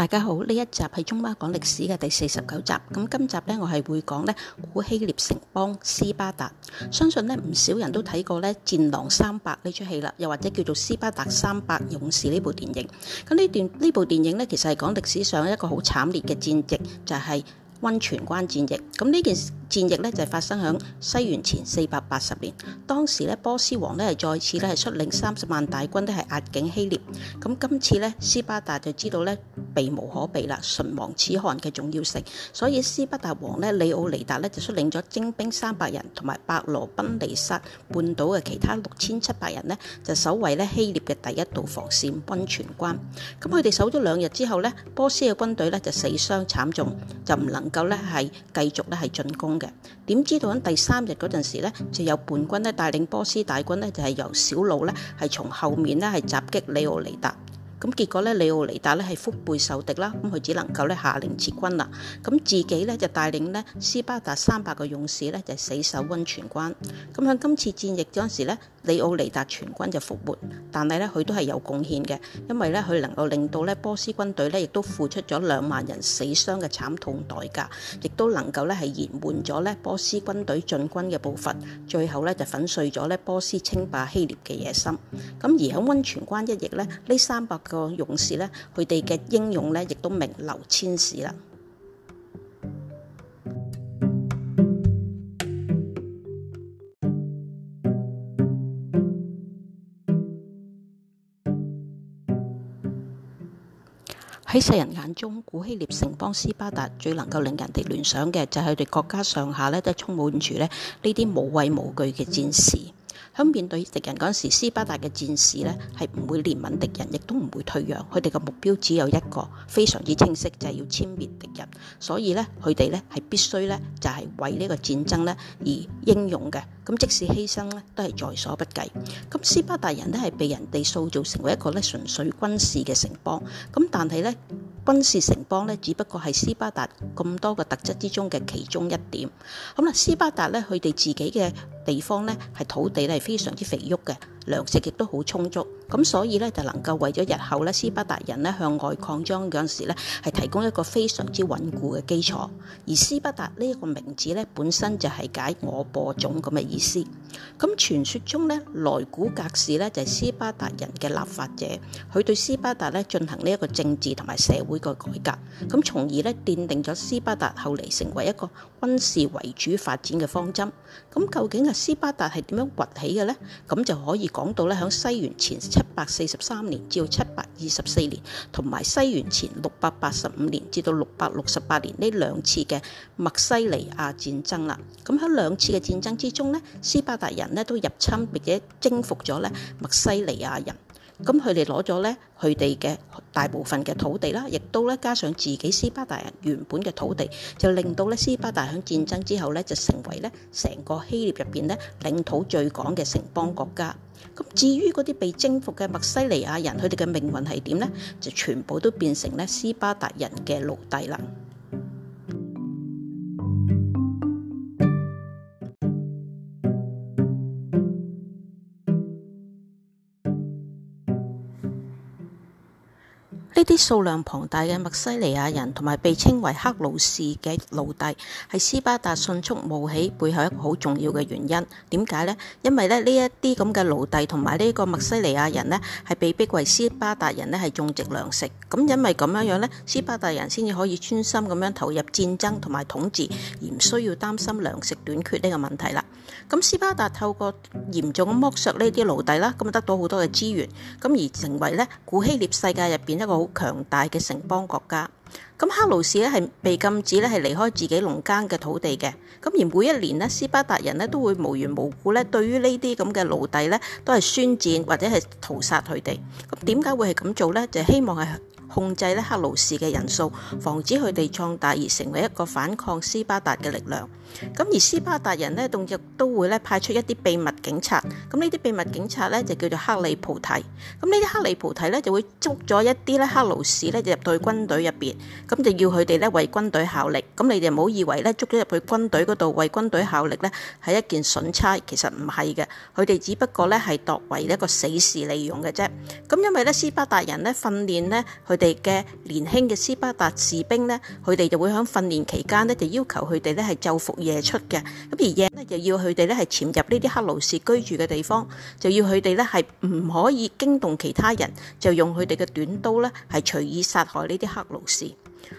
大家好，呢一集係中巴講歷史嘅第四十九集。咁今集呢，我係會講呢古希臘城邦斯巴達。相信呢唔少人都睇過呢《戰狼三百》呢齣戲啦，又或者叫做《斯巴達三百勇士》呢部電影。咁呢段呢部電影呢，其實係講歷史上一個好慘烈嘅戰役，就係、是、温泉關戰役。咁呢件事。戰役呢就係發生響西元前四百八十年，當時呢，波斯王呢係再次呢係率領三十萬大軍都係壓境希臘，咁今次呢，斯巴達就知道呢，避無可避啦，唇亡齒寒嘅重要性，所以斯巴達王呢，里奧尼達呢就率領咗精兵三百人，同埋伯羅奔尼撒半島嘅其他六千七百人呢，就守衞呢希臘嘅第一道防線温泉關，咁佢哋守咗兩日之後呢，波斯嘅軍隊呢就死傷慘重，就唔能夠呢係繼續呢係進攻。點知道喺第三日嗰陣時咧，就有叛軍咧帶領波斯大軍咧，就係由小路咧係從後面咧係襲擊李奧尼達。咁結果咧，李奧尼達咧係腹背受敵啦，咁佢只能夠咧，下令撤軍啦，咁自己咧就帶領呢斯巴達三百個勇士咧就死守温泉關。咁喺今次戰役嗰陣時咧。里奧尼達全軍就覆沒，但係咧佢都係有貢獻嘅，因為咧佢能夠令到咧波斯軍隊咧亦都付出咗兩萬人死傷嘅慘痛代價，亦都能夠咧係延緩咗咧波斯軍隊進軍嘅步伐，最後咧就粉碎咗咧波斯稱霸希臘嘅野心。咁而喺温泉關一役咧，呢三百個勇士咧，佢哋嘅英勇咧亦都名留千史啦。喺世人眼中，古希臘城邦斯巴達最能夠令人哋聯想嘅，就係佢哋國家上下咧都充滿住咧呢啲無畏無懼嘅戰士。響面對敵人嗰陣時，斯巴達嘅戰士咧係唔會憐憫敵人，亦都唔會退讓。佢哋嘅目標只有一個，非常之清晰，就係要殲滅敵人。所以咧，佢哋咧係必須咧就係為呢個戰爭咧而英勇嘅。咁即使犧牲咧都係在所不計。咁斯巴達人都係被人哋塑造成為一個咧純粹軍事嘅城邦。咁但係咧，軍事城邦咧，只不過係斯巴達咁多個特質之中嘅其中一點。咁啦，斯巴達咧，佢哋自己嘅。地方呢係土地咧係非常之肥沃嘅，糧食亦都好充足，咁所以呢，就能夠為咗日後呢斯巴達人咧向外擴張嗰陣時咧係提供一個非常之穩固嘅基礎。而斯巴達呢一個名字呢，本身就係解我播種咁嘅意思。咁傳說中呢，萊古格氏呢，就係斯巴達人嘅立法者，佢對斯巴達呢進行呢一個政治同埋社會嘅改革，咁從而呢，奠定咗斯巴達後嚟成為一個軍事為主發展嘅方針。咁究竟係？斯巴達係點樣崛起嘅呢？咁就可以講到咧，喺西元前七百四十三年至到七百二十四年，同埋西元前六百八十五年至到六百六十八年呢兩次嘅墨西尼亞戰爭啦。咁喺兩次嘅戰爭之中咧，斯巴達人咧都入侵並且徵服咗咧墨西尼亞人。咁佢哋攞咗咧佢哋嘅。大部分嘅土地啦，亦都咧加上自己斯巴達人原本嘅土地，就令到咧斯巴達響戰爭之後咧，就成為咧成個希臘入邊咧領土最廣嘅城邦國家。咁至於嗰啲被征服嘅墨西尼亞人，佢哋嘅命運係點呢？就全部都變成咧斯巴達人嘅奴隸啦。呢啲數量龐大嘅墨西利亞人同埋被稱為黑勞士嘅奴隸，係斯巴達迅速冒起背後一個好重要嘅原因。點解呢？因為咧呢一啲咁嘅奴隸同埋呢個墨西利亞人呢，係被逼為斯巴達人呢係種植糧食。咁因為咁樣樣呢，斯巴達人先至可以專心咁樣投入戰爭同埋統治，而唔需要擔心糧食短缺呢個問題啦。咁斯巴達透過嚴重咁剝削呢啲奴隸啦，咁啊得到好多嘅資源，咁而成為咧古希臘世界入邊一個好強大嘅城邦國家。咁黑勞士咧係被禁止咧係離開自己農耕嘅土地嘅，咁而每一年呢，斯巴達人咧都會無緣無故咧對於呢啲咁嘅奴隸咧都係宣戰或者係屠殺佢哋。咁點解會係咁做咧？就係、希望係控制咧黑勞士嘅人數，防止佢哋壯大而成為一個反抗斯巴達嘅力量。咁而斯巴達人呢，仲亦都會咧派出一啲秘密警察。咁呢啲秘密警察呢，就叫做克里菩提。咁呢啲克里菩提呢，就會捉咗一啲咧黑勞士咧入到去軍隊入邊。咁就要佢哋呢為軍隊效力。咁你哋唔好以為呢捉咗入去軍隊嗰度為軍隊效力呢，係一件筍差，其實唔係嘅。佢哋只不過呢係作為一個死士利用嘅啫。咁因為呢斯巴達人呢，訓練呢佢哋嘅年輕嘅斯巴達士兵呢，佢哋就會喺訓練期間呢，就要求佢哋呢係就服。夜出嘅，咁而夜呢，就要佢哋咧係潛入呢啲黑奴士居住嘅地方，就要佢哋咧係唔可以驚動其他人，就用佢哋嘅短刀咧係隨意殺害呢啲黑奴士。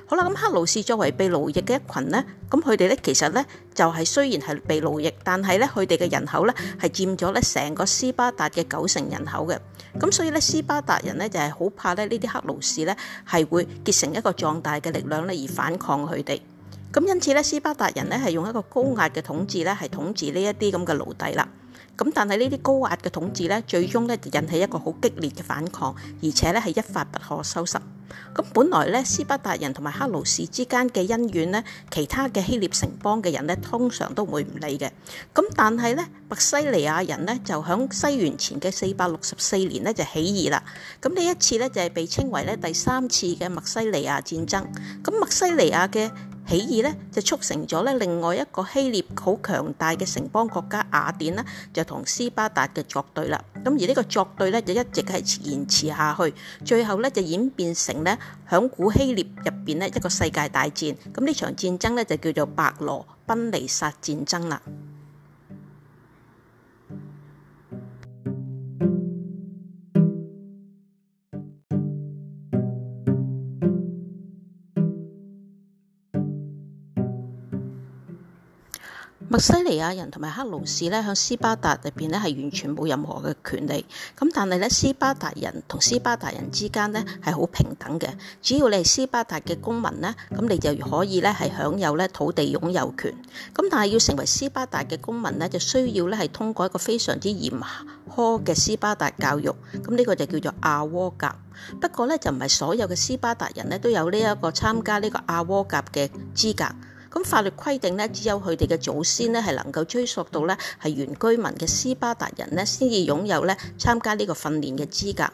好啦，咁黑奴士作為被奴役嘅一群呢，咁佢哋咧其實咧就係、是、雖然係被奴役，但係咧佢哋嘅人口咧係佔咗咧成個斯巴達嘅九成人口嘅。咁所以咧斯巴達人咧就係、是、好怕咧呢啲黑奴士咧係會結成一個壯大嘅力量咧而反抗佢哋。咁因此咧，斯巴達人咧係用一個高壓嘅統治咧，係統治呢一啲咁嘅奴隸啦。咁但係呢啲高壓嘅統治咧，最終咧就引起一個好激烈嘅反抗，而且咧係一發不可收拾。咁本來咧，斯巴達人同埋克魯士之間嘅恩怨呢，其他嘅希臘城邦嘅人呢，通常都唔會唔理嘅。咁但係咧，墨西尼亞人呢，就響西元前嘅四百六十四年呢，就起義啦。咁呢一次咧就係被稱為咧第三次嘅墨西尼亞戰爭。咁墨西尼亞嘅。起義咧就促成咗咧另外一個希臘好強大嘅城邦國家雅典呢，就同斯巴達嘅作對啦。咁而呢個作對咧就一直係延遲下去，最後咧就演變成咧響古希臘入邊咧一個世界大戰。咁呢場戰爭咧就叫做伯羅奔尼撒戰爭啦。墨西利亞人同埋克魯士咧，向斯巴達入邊咧係完全冇任何嘅權利。咁但係咧，斯巴達人同斯巴達人之間咧係好平等嘅。只要你係斯巴達嘅公民咧，咁你就可以咧係享有咧土地擁有權。咁但係要成為斯巴達嘅公民咧，就需要咧係通過一個非常之嚴苛嘅斯巴達教育。咁、這、呢個就叫做阿沃格。不過咧，就唔係所有嘅斯巴達人咧都有呢一個參加呢個阿沃格嘅資格。咁法律規定咧，只有佢哋嘅祖先咧係能夠追溯到咧係原居民嘅斯巴達人咧，先至擁有咧參加呢個訓練嘅資格。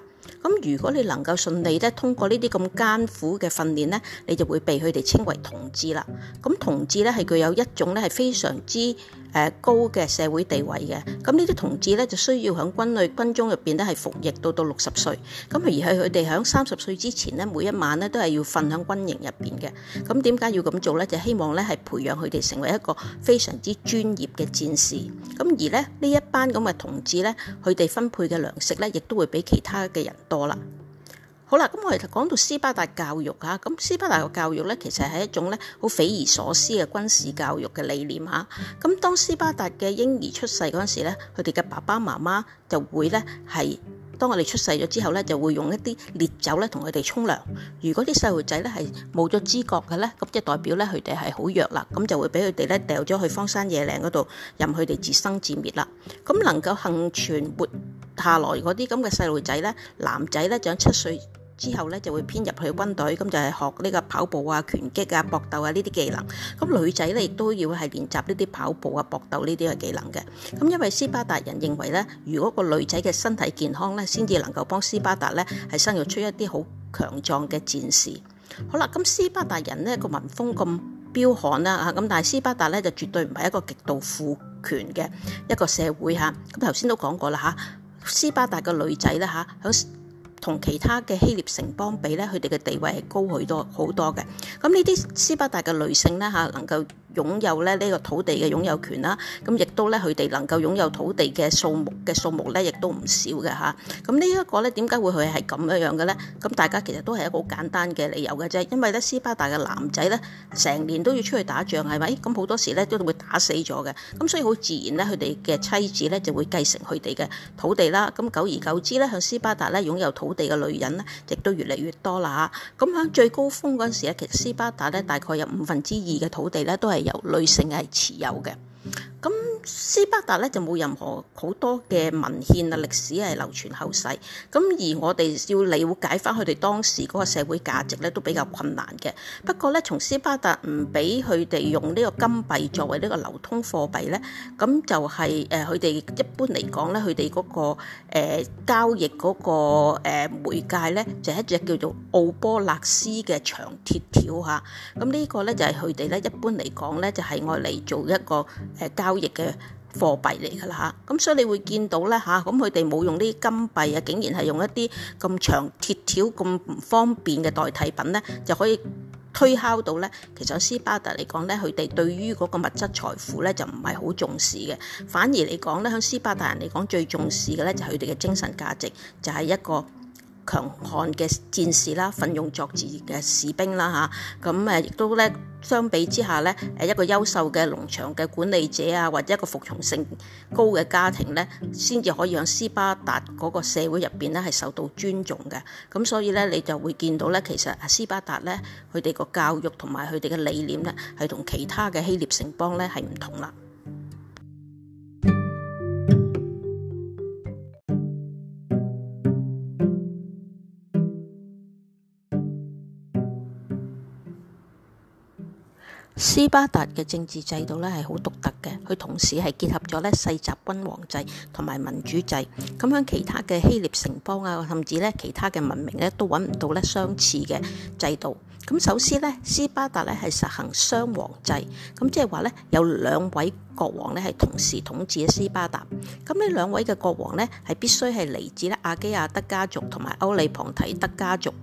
咁如果你能夠順利咧通過呢啲咁艱苦嘅訓練咧，你就會被佢哋稱為同志啦。咁同志咧係具有一種咧係非常之誒高嘅社會地位嘅，咁呢啲同志咧就需要喺軍隊軍中入邊咧係服役到到六十歲，咁而係佢哋喺三十歲之前咧，每一晚咧都係要瞓喺軍營入邊嘅。咁點解要咁做咧？就希望咧係培養佢哋成為一個非常之專業嘅戰士。咁而咧呢這一班咁嘅同志咧，佢哋分配嘅糧食咧，亦都會比其他嘅人多啦。好啦，咁我哋講到斯巴達教育嚇，咁斯巴達嘅教育咧，其實係一種咧好匪夷所思嘅軍事教育嘅理念嚇。咁當斯巴達嘅嬰兒出世嗰陣時咧，佢哋嘅爸爸媽媽就會咧係當我哋出世咗之後咧，就會用一啲烈酒咧同佢哋沖涼。如果啲細路仔咧係冇咗知覺嘅咧，咁即係代表咧佢哋係好弱啦，咁就會俾佢哋咧掉咗去荒山野嶺嗰度，任佢哋自生自滅啦。咁能夠幸存活下來嗰啲咁嘅細路仔咧，男仔咧長七歲。之後咧就會編入去軍隊，咁就係學呢個跑步啊、拳擊啊、搏鬥啊呢啲技能。咁女仔咧都要係練習呢啲跑步啊、搏鬥呢啲嘅技能嘅。咁因為斯巴達人認為咧，如果個女仔嘅身體健康咧，先至能夠幫斯巴達咧係生育出一啲好強壯嘅戰士。好啦，咁斯巴達人咧個民風咁彪悍啦、啊、嚇，咁但係斯巴達咧就絕對唔係一個極度賦權嘅一個社會嚇。咁頭先都講過啦嚇，斯巴達嘅女仔咧嚇喺。同其他嘅希臘城邦比咧，佢哋嘅地位係高好多好多嘅。咁呢啲斯巴達嘅女性咧嚇，能夠。擁有咧呢個土地嘅擁有權啦，咁亦都咧佢哋能夠擁有土地嘅數目嘅數目咧，亦都唔少嘅吓，咁呢一個咧點解會佢係咁樣樣嘅咧？咁大家其實都係一個好簡單嘅理由嘅啫，因為咧斯巴達嘅男仔咧成年都要出去打仗係咪？咁好多時咧都會打死咗嘅，咁所以好自然咧佢哋嘅妻子咧就會繼承佢哋嘅土地啦。咁久而久之咧，向斯巴達咧擁有土地嘅女人咧，亦都越嚟越多啦吓，咁響最高峰嗰陣時咧，其實斯巴達咧大概有五分之二嘅土地咧都係。由女性係持有嘅。斯巴達咧就冇任何好多嘅文獻啊，歷史係流傳後世。咁而我哋要理解翻佢哋當時嗰個社會價值咧，都比較困難嘅。不過咧，從斯巴達唔俾佢哋用呢個金幣作為呢個流通貨幣咧，咁就係誒佢哋一般嚟講咧，佢哋嗰個、呃、交易嗰、那個、呃、媒介咧，就係、是、一隻叫做奧波勒斯嘅長鐵條嚇。咁、啊、呢個咧就係佢哋咧一般嚟講咧，就係愛嚟做一個誒、呃、交易嘅。貨幣嚟㗎啦嚇，咁所以你會見到咧嚇，咁佢哋冇用啲金幣啊，竟然係用一啲咁長鐵條咁唔方便嘅代替品咧，就可以推敲到咧，其實喺斯巴達嚟講咧，佢哋對於嗰個物質財富咧就唔係好重視嘅，反而嚟講咧喺斯巴達人嚟講最重視嘅咧就係佢哋嘅精神價值，就係一個。強悍嘅戰士啦，奮勇作戰嘅士兵啦吓，咁誒亦都咧，相比之下咧，誒一個優秀嘅農場嘅管理者啊，或者一個服從性高嘅家庭咧，先至可以喺斯巴達嗰個社會入邊咧係受到尊重嘅。咁所以咧，你就會見到咧，其實啊斯巴達咧，佢哋個教育同埋佢哋嘅理念咧，係同其他嘅希臘城邦咧係唔同啦。斯巴達嘅政治制度咧係好獨特嘅，佢同時係結合咗咧世襲君王制同埋民主制，咁喺其他嘅希臘城邦啊，甚至咧其他嘅文明咧都揾唔到咧相似嘅制度。咁首先咧，斯巴達咧係實行雙王制，咁即係話咧有兩位國王咧係同時統治嘅斯巴達。咁呢兩位嘅國王咧係必須係嚟自咧阿基亞德家族同埋歐利龐提德家族。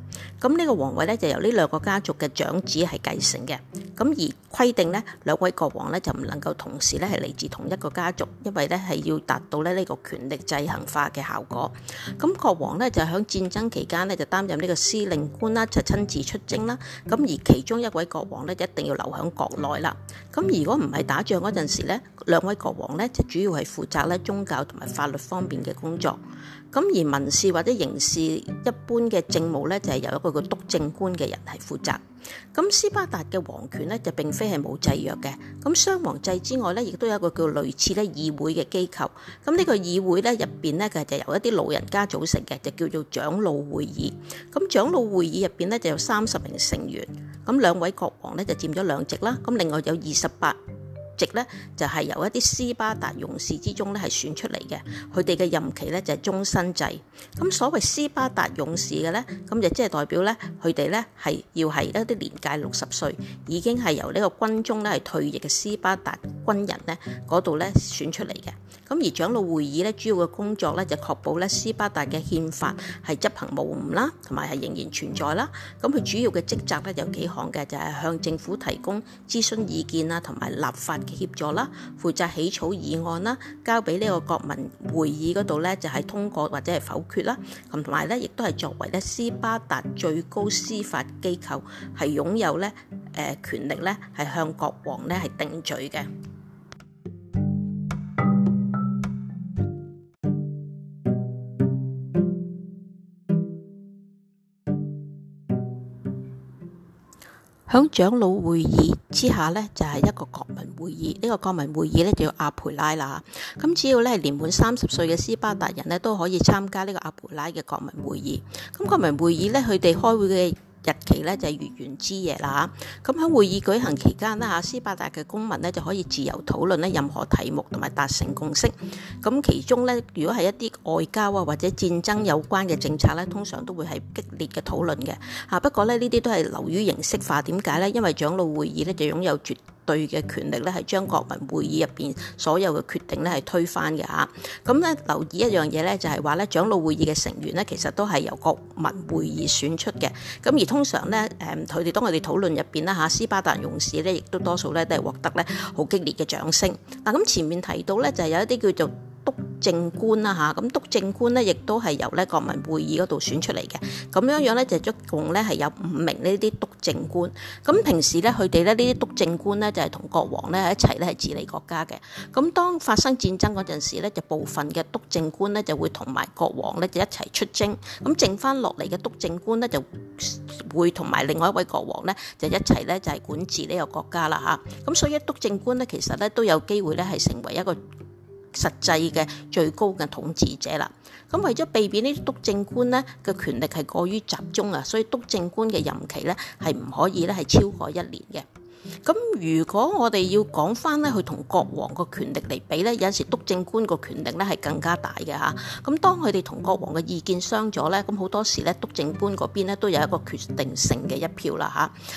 咁呢個王位咧就由呢兩個家族嘅長子係繼承嘅。咁而規定呢，兩位國王咧就唔能夠同時咧係嚟自同一個家族，因為咧係要達到咧呢個權力制衡化嘅效果。咁國王呢，就響戰爭期間呢，就擔任呢個司令官啦，就親自出征啦。咁而其中一位國王呢，一定要留響國內啦。咁如果唔係打仗嗰陣時呢，兩位國王呢，就主要係負責咧宗教同埋法律方面嘅工作。咁而民事或者刑事一般嘅政務呢，就係。由一個叫督政官嘅人係負責，咁斯巴達嘅王權咧就並非係冇制約嘅，咁雙王制之外咧，亦都有一個叫類似咧議會嘅機構，咁呢個議會咧入邊咧佢就由一啲老人家組成嘅，就叫做長老會議，咁長老會議入邊咧就有三十名成員，咁兩位國王咧就佔咗兩席啦，咁另外有二十八。值咧就係、是、由一啲斯巴達勇士之中咧係選出嚟嘅，佢哋嘅任期咧就係、是、終身制。咁所謂斯巴達勇士嘅咧，咁就即係代表咧佢哋咧係要係一啲年屆六十歲已經係由呢個軍中咧係退役嘅斯巴達軍人咧嗰度咧選出嚟嘅。咁而長老會議咧主要嘅工作咧就確保咧斯巴達嘅憲法係執行無誤啦，同埋係仍然存在啦。咁佢主要嘅職責咧有幾項嘅，就係、是、向政府提供諮詢意見啦，同埋立法。協助啦，負責起草議案啦，交俾呢個國民會議嗰度咧，就係通過或者係否決啦。咁同埋咧，亦都係作為咧斯巴達最高司法機構，係擁有咧誒、呃、權力咧，係向國王咧係定罪嘅。響長老會議之下呢，就係一個國民會議。呢個國民會議呢，叫阿培拉啦。咁只要呢年滿三十歲嘅斯巴達人呢，都可以參加呢個阿培拉嘅國民會議。咁國民會議呢，佢哋開會嘅。日期咧就係月圓之夜啦嚇，咁喺會議舉行期間啦嚇，斯巴達嘅公民咧就可以自由討論咧任何題目同埋達成共識。咁其中咧，如果係一啲外交啊或者戰爭有關嘅政策咧，通常都會係激烈嘅討論嘅嚇。不過咧，呢啲都係流於形式化。點解咧？因為長老會議咧就擁有絕對嘅權力咧，係將國民會議入邊所有嘅決定咧，係推翻嘅嚇。咁、嗯、咧留意一樣嘢咧，就係話咧，長老會議嘅成員咧，其實都係由國民會議選出嘅。咁、嗯、而通常咧，誒佢哋當我哋討論入邊咧嚇，斯巴達勇士咧，亦都多數咧都係獲得咧好激烈嘅掌聲。嗱、嗯、咁前面提到咧，就係有一啲叫做政官啦嚇，咁督政官咧亦都係由咧國民會議嗰度選出嚟嘅，咁樣樣咧就一共咧係有五名呢啲督政官。咁平時咧佢哋咧呢啲督政官咧就係同國王咧一齊咧係治理國家嘅。咁當發生戰爭嗰陣時咧，就部分嘅督政官咧就會同埋國王咧就一齊出征。咁剩翻落嚟嘅督政官咧就會同埋另外一位國王咧就一齊咧就係管治呢個國家啦嚇。咁所以督政官咧其實咧都有機會咧係成為一個實際嘅最高嘅統治者啦，咁為咗避免呢啲督政官咧嘅權力係過於集中啊，所以督政官嘅任期咧係唔可以咧係超過一年嘅。咁如果我哋要講翻咧，佢同國王個權力嚟比咧，有陣時督政官個權力咧係更加大嘅嚇。咁當佢哋同國王嘅意見相左咧，咁好多時咧督政官嗰邊咧都有一個決定性嘅一票啦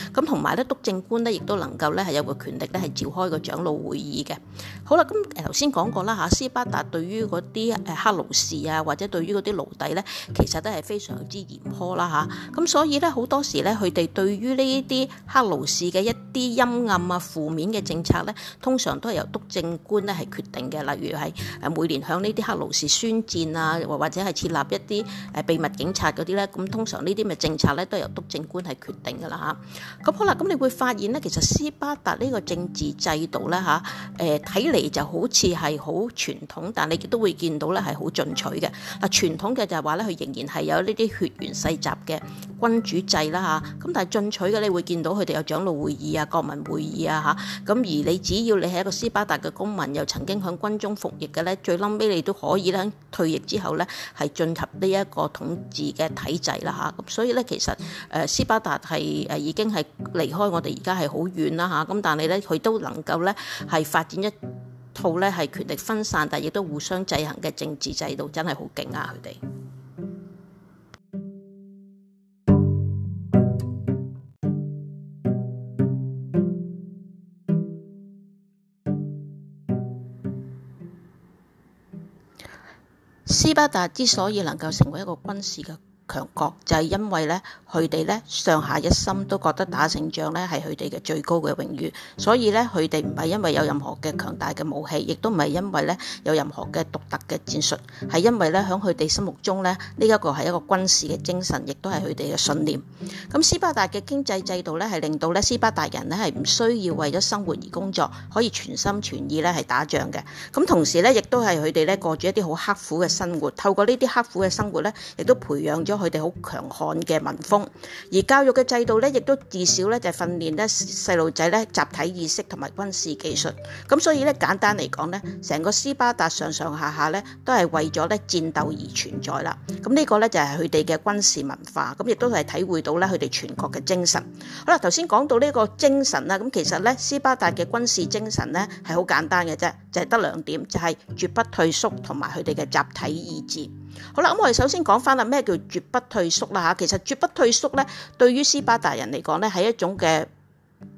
嚇。咁同埋咧督政官咧亦都能夠咧係有個權力咧係召開個長老會議嘅。好啦，咁頭先講過啦嚇，斯巴達對於嗰啲誒黑奴士啊，或者對於嗰啲奴隸咧，其實都係非常之嚴苛啦嚇。咁所以咧好多時咧佢哋對於呢啲黑奴士嘅一啲陰暗啊、負面嘅政策咧，通常都係由督政官咧係決定嘅。例如係誒每年向呢啲黑勞士宣戰啊，或者係設立一啲誒秘密警察嗰啲咧。咁通常呢啲嘅政策咧都係由督政官係決定㗎啦嚇。咁好啦，咁你會發現咧，其實斯巴達呢個政治制度咧嚇誒睇嚟就好似係好傳統，但係你都會見到咧係好進取嘅。嗱，傳統嘅就係話咧，佢仍然係有呢啲血緣世襲嘅君主制啦嚇。咁、啊、但係進取嘅，你會見到佢哋有長老會議啊民會議啊，嚇，咁而你只要你係一個斯巴達嘅公民，又曾經響軍中服役嘅咧，最冧尾你都可以咧退役之後咧係進入呢一個統治嘅體制啦吓，咁、啊，所以咧其實誒、呃、斯巴達係誒已經係離開我哋而家係好遠啦吓，咁、啊，但係咧佢都能夠咧係發展一套咧係權力分散，但亦都互相制衡嘅政治制度，真係好勁啊！佢哋。斯巴達之所以能夠成為一個軍事嘅。強國就係、是、因為咧，佢哋咧上下一心，都覺得打勝仗咧係佢哋嘅最高嘅榮譽，所以咧佢哋唔係因為有任何嘅強大嘅武器，亦都唔係因為咧有任何嘅獨特嘅戰術，係因為咧響佢哋心目中咧呢一、這個係一個軍事嘅精神，亦都係佢哋嘅信念。咁斯巴達嘅經濟制度咧係令到咧斯巴達人咧係唔需要為咗生活而工作，可以全心全意咧係打仗嘅。咁同時咧亦都係佢哋咧過住一啲好刻苦嘅生活，透過呢啲刻苦嘅生活咧，亦都培養咗。佢哋好強悍嘅民風，而教育嘅制度咧，亦都至少咧就係訓練咧細路仔咧集體意識同埋軍事技術。咁所以咧簡單嚟講咧，成個斯巴達上上下下咧都係為咗咧戰鬥而存在啦。咁呢個咧就係佢哋嘅軍事文化，咁亦都係體會到咧佢哋全國嘅精神。好啦，頭先講到呢個精神啦，咁其實咧斯巴達嘅軍事精神咧係好簡單嘅啫，就係得兩點，就係絕不退縮同埋佢哋嘅集體意志。好啦，咁我哋首先講翻啦，咩叫絕不退縮啦吓？其實絕不退縮咧，對於斯巴達人嚟講咧，係一種嘅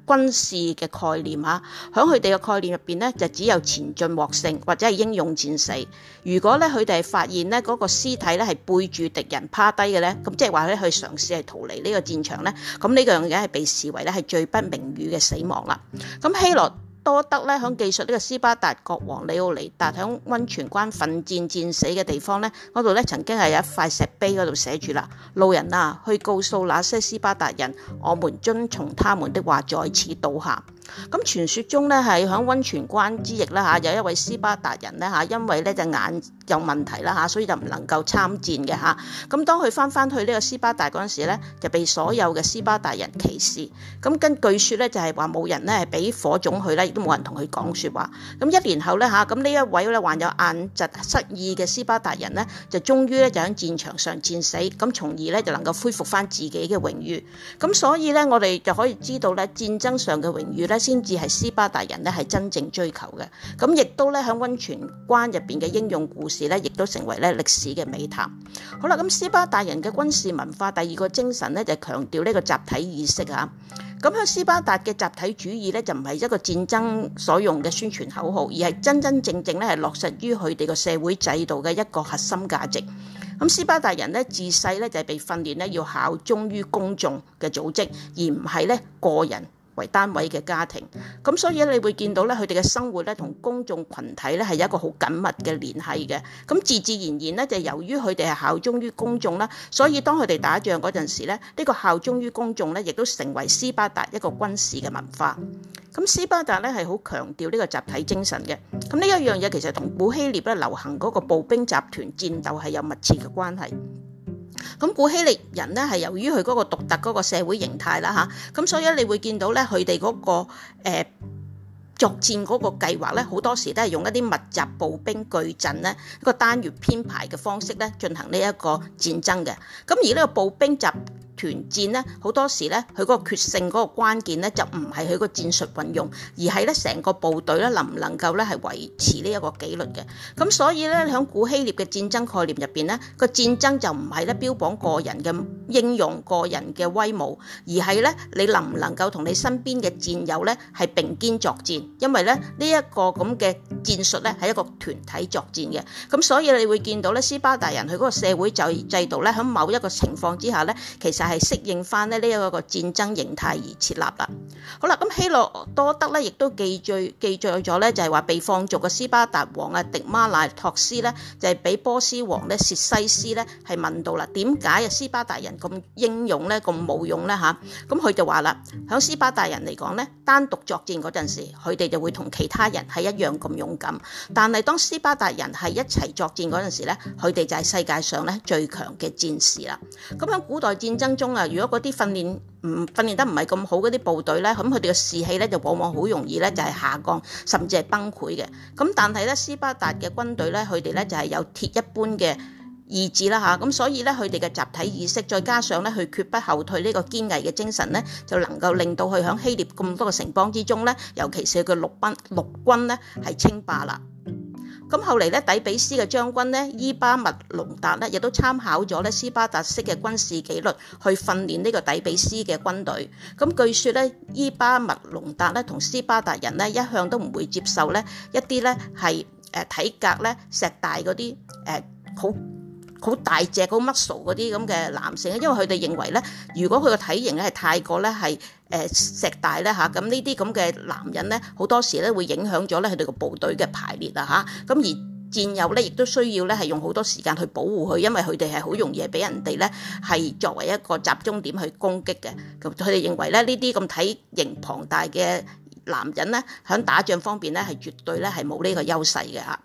軍事嘅概念吓，喺佢哋嘅概念入邊咧，就只有前進獲勝或者係英勇戰死。如果咧佢哋係發現咧嗰個屍體咧係背住敵人趴低嘅咧，咁即係話咧去嘗試係逃離呢個戰場咧，咁呢樣嘢係被視為咧係最不名譽嘅死亡啦。咁希羅。多得咧，喺技術，呢個斯巴達國王里奧尼達喺温泉關奮戰戰死嘅地方咧，嗰度咧曾經係有一塊石碑，嗰度寫住啦，路人啊，去告訴那些斯巴達人，我們遵從他們的話，在此倒下。咁傳說中咧係喺温泉關之役啦嚇，有一位斯巴達人咧因為咧隻眼有問題啦嚇，所以就唔能夠參戰嘅嚇。咁當佢翻翻去呢個斯巴達嗰陣時咧，就被所有嘅斯巴達人歧視。咁根據說咧就係話冇人咧係俾火種佢咧，亦都冇人同佢講說話。咁一年後咧嚇，咁呢一位咧患有眼疾失意嘅斯巴達人咧，就終於咧就喺戰場上戰死，咁從而咧就能夠恢復翻自己嘅榮譽。咁所以咧我哋就可以知道咧戰爭上嘅榮譽咧。先至係斯巴達人咧，係真正追求嘅。咁亦都咧喺温泉關入邊嘅英勇故事咧，亦都成為咧歷史嘅美談。好啦，咁斯巴達人嘅軍事文化第二個精神咧，就係強調呢個集體意識啊。咁喺斯巴達嘅集體主義咧，就唔係一個戰爭所用嘅宣傳口號，而係真真正正咧係落實於佢哋個社會制度嘅一個核心價值。咁斯巴達人咧自細咧就係被訓練咧要效忠於公眾嘅組織，而唔係咧個人。為單位嘅家庭，咁所以你會見到咧，佢哋嘅生活咧同公眾群體咧係有一個好緊密嘅聯繫嘅。咁自自然然咧，就由於佢哋係效忠於公眾啦，所以當佢哋打仗嗰陣時咧，呢個效忠於公眾咧，亦都成為斯巴達一個軍事嘅文化。咁斯巴達咧係好強調呢個集體精神嘅。咁呢一樣嘢其實同古希臘咧流行嗰個步兵集團戰鬥係有密切嘅關係。咁古希臘人咧，係由於佢嗰個獨特嗰個社會形態啦嚇，咁所以咧，你會見到咧，佢哋嗰個作、呃、戰嗰個計劃咧，好多時都係用一啲密集步兵巨陣咧一個單元編排嘅方式咧進行呢一個戰爭嘅。咁而呢個步兵集團戰咧，好多時咧，佢嗰個決勝嗰個關鍵咧，就唔係佢個戰術運用，而係咧成個部隊咧能唔能夠咧係維持呢一個紀律嘅。咁所以咧，喺古希臘嘅戰爭概念入邊咧，個戰爭就唔係咧標榜個人嘅英勇、個人嘅威武，而係咧你能唔能夠同你身邊嘅戰友咧係並肩作戰。因為咧呢一個咁嘅戰術咧係一個團體作戰嘅。咁所以你會見到咧，斯巴達人佢嗰個社會就制度咧喺某一個情況之下咧，其實。係適應翻咧呢一個個戰爭形態而設立啦。好啦，咁希羅多德咧亦都記載記載咗咧，就係話被放逐嘅斯巴達王啊狄馬賴托斯咧，就係俾波斯王咧薛西斯咧係問到啦，點解啊斯巴達人咁英勇咧，咁冇用咧吓，咁佢就話啦，響斯巴達人嚟講咧，單獨作戰嗰陣時，佢哋就會同其他人係一樣咁勇敢。但係當斯巴達人係一齊作戰嗰陣時咧，佢哋就係世界上咧最強嘅戰士啦。咁喺古代戰爭。中啊！如果嗰啲訓練唔訓練得唔係咁好，嗰啲部隊咧，咁佢哋嘅士氣咧就往往好容易咧就係下降，甚至係崩潰嘅。咁但係咧，斯巴達嘅軍隊咧，佢哋咧就係有鐵一般嘅意志啦嚇，咁所以咧佢哋嘅集體意識，再加上咧佢決不後退呢個堅毅嘅精神咧，就能夠令到佢喺希臘咁多個城邦之中咧，尤其是佢嘅陸軍陸軍咧係稱霸啦。咁後嚟咧，底比斯嘅將軍咧伊巴密隆達咧，亦都參考咗咧斯巴達式嘅軍事紀律去訓練呢個底比斯嘅軍隊。咁據說咧，伊巴密隆達咧同斯巴達人咧一向都唔會接受咧一啲咧係誒體格咧碩大嗰啲誒好好大隻嗰 muscle 嗰啲咁嘅男性，因為佢哋認為咧，如果佢個體型咧係太過咧係。誒石大咧嚇，咁呢啲咁嘅男人咧，好多時咧會影響咗咧佢哋個部隊嘅排列啦嚇。咁而戰友咧亦都需要咧係用好多時間去保護佢，因為佢哋係好容易俾人哋咧係作為一個集中點去攻擊嘅。咁佢哋認為咧呢啲咁體型龐大嘅男人咧喺打仗方面咧係絕對咧係冇呢個優勢嘅嚇。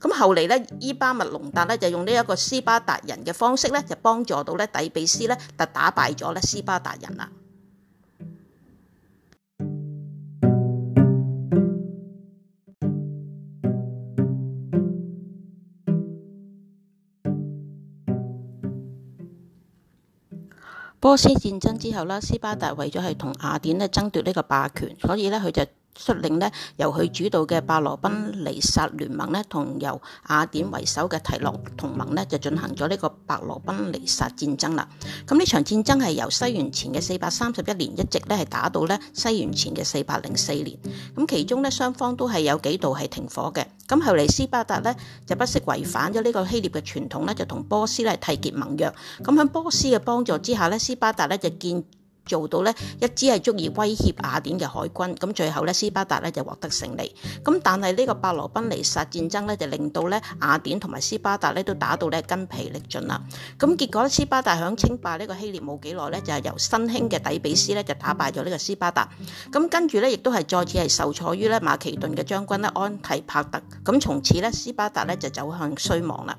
咁後嚟咧，伊巴密隆達咧就用呢一個斯巴達人嘅方式咧就幫助到咧底比斯咧，就打敗咗咧斯巴達人啦。波斯戰爭之後啦，斯巴達為咗係同雅典咧爭奪呢個霸權，所以呢，佢就，率領咧由佢主導嘅伯羅奔尼撒聯盟咧，同由雅典為首嘅提洛同盟咧，就進行咗呢個伯羅奔尼撒戰爭啦。咁呢場戰爭係由西元前嘅四百三十一年一直咧係打到咧西元前嘅四百零四年。咁其中呢，雙方都係有幾度係停火嘅。咁後嚟斯巴達呢，就不惜違反咗呢個希臘嘅傳統呢，就同波斯咧係締結盟約。咁喺波斯嘅幫助之下呢，斯巴達呢就建做到呢一支係足以威脅雅典嘅海軍，咁最後呢，斯巴達呢就獲得勝利。咁但係呢個伯羅奔尼撒戰爭呢，就令到呢雅典同埋斯巴達呢都打到呢筋疲力盡啦。咁結果呢斯巴達響稱霸呢個希臘冇幾耐呢，就係由新興嘅底比斯呢就打敗咗呢個斯巴達。咁跟住呢，亦都係再次係受挫於呢馬其頓嘅將軍呢安提帕特。咁從此呢，斯巴達呢就走向衰亡啦。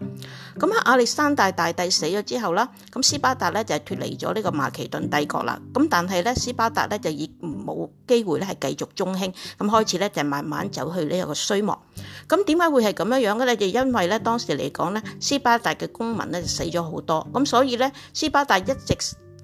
咁喺亞歷山大大帝死咗之後啦，咁斯巴達呢就係脫離咗呢個馬其頓帝國啦。咁但係咧，斯巴達咧就已冇機會咧係繼續中興，咁開始咧就慢慢走去這呢一個衰亡。咁點解會係咁樣樣嘅咧？就因為咧當時嚟講咧，斯巴達嘅公民咧死咗好多，咁所以咧斯巴達一直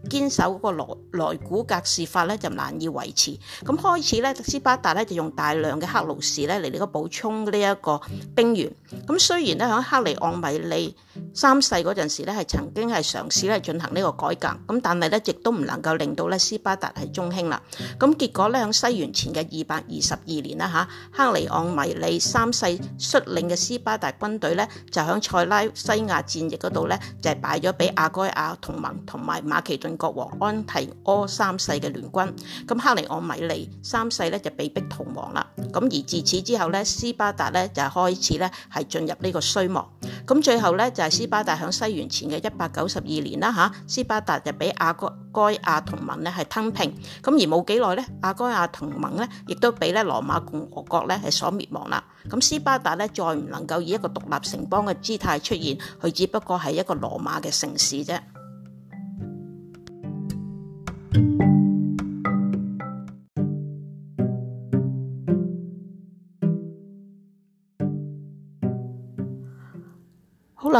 堅守嗰個羅萊古格事法咧就難以維持。咁開始咧，斯巴達咧就用大量嘅克魯士咧嚟呢個補充呢一個兵源。咁雖然咧喺克利昂米利三世嗰陣時咧，係曾經係嘗試咧進行呢個改革，咁但係咧亦都唔能夠令到咧斯巴達係中興啦。咁結果咧喺西元前嘅二百二十二年啦嚇，克里昂米利三世率領嘅斯巴達軍隊咧就喺塞拉西亞戰役嗰度咧就敗咗俾阿蓋亞同盟同埋馬其頓國王安提柯三世嘅聯軍。咁克里昂米利三世咧就被逼逃亡啦。咁而自此之後咧，斯巴達咧就開始咧係進入呢個衰亡。咁最後咧就係斯斯巴達響西元前嘅一百九十二年啦吓，斯巴達就俾阿該亞同盟咧係吞併，咁而冇幾耐咧，阿該亞同盟咧亦都俾咧羅馬共和國咧係所滅亡啦，咁斯巴達咧再唔能夠以一個獨立城邦嘅姿態出現，佢只不過係一個羅馬嘅城市啫。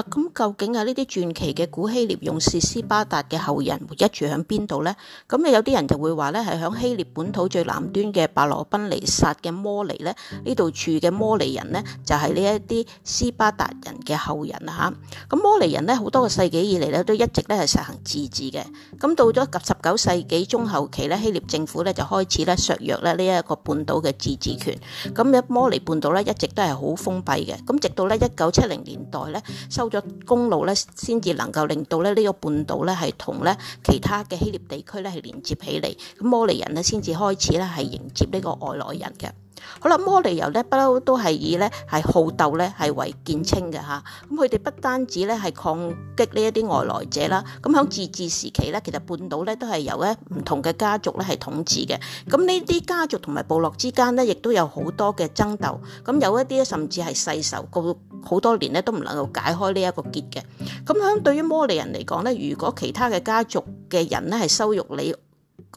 咁究竟啊呢啲傳奇嘅古希臘勇士斯巴達嘅後人，會一住響邊度呢？咁有啲人就會話咧，係響希臘本土最南端嘅伯羅奔尼撒嘅摩尼咧，呢度住嘅摩尼人呢，就係呢一啲斯巴達人嘅後人啦嚇。咁摩尼人呢，好多個世紀以嚟咧，都一直咧係實行自治嘅。咁到咗十九世紀中後期咧，希臘政府咧就開始咧削弱咧呢一個半島嘅自治權。咁喺摩尼半島咧一直都係好封閉嘅。咁直到咧一九七零年代咧修咗公路咧，先至能夠令到咧呢個半島咧係同咧其他嘅希臘地區咧係連接起嚟，咁摩尼人咧先至開始咧係迎接呢個外來人嘅。好啦，摩利游咧不嬲都係以咧係好鬥咧係為見稱嘅吓，咁佢哋不單止咧係抗擊呢一啲外來者啦，咁響自治時期咧，其實半島咧都係由咧唔同嘅家族咧係統治嘅，咁呢啲家族同埋部落之間咧，亦都有好多嘅爭鬥，咁有一啲甚至係世仇，過好多年咧都唔能夠解開呢一個結嘅，咁響對於摩利人嚟講咧，如果其他嘅家族嘅人咧係羞辱你。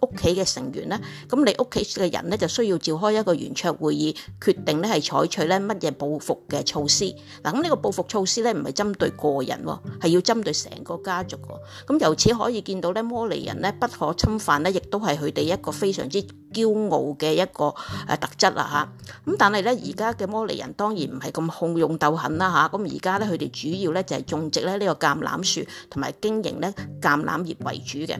屋企嘅成員咧，咁你屋企嘅人咧就需要召開一個圓桌會議，決定咧係採取咧乜嘢報復嘅措施。嗱，咁呢個報復措施咧唔係針對個人喎，係要針對成個家族嘅。咁由此可以見到咧，摩利人咧不可侵犯咧，亦都係佢哋一個非常之。驕傲嘅一個誒特質啦，吓咁，但係咧而家嘅摩利人當然唔係咁兇用鬥狠啦，吓。咁而家咧佢哋主要咧就係種植咧呢個橄欖樹同埋經營咧橄欖葉為主嘅。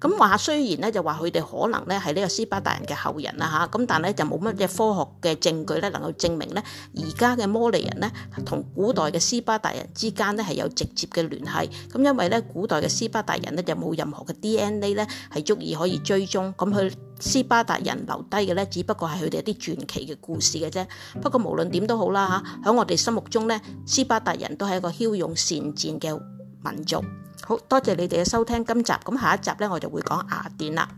咁話雖然咧就話佢哋可能咧係呢個斯巴達人嘅後人啦，吓，咁但係咧就冇乜嘅科學嘅證據咧能夠證明咧而家嘅摩利人咧同古代嘅斯巴達人之間咧係有直接嘅聯繫。咁因為咧古代嘅斯巴達人咧就冇任何嘅 D N A 咧係足以可以追蹤咁去。斯巴達人留低嘅咧，只不過係佢哋一啲傳奇嘅故事嘅啫。不過無論點都好啦嚇，喺我哋心目中咧，斯巴達人都係一個驍勇善戰嘅民族。好多謝你哋嘅收聽今集，咁下一集咧我就會講雅典啦。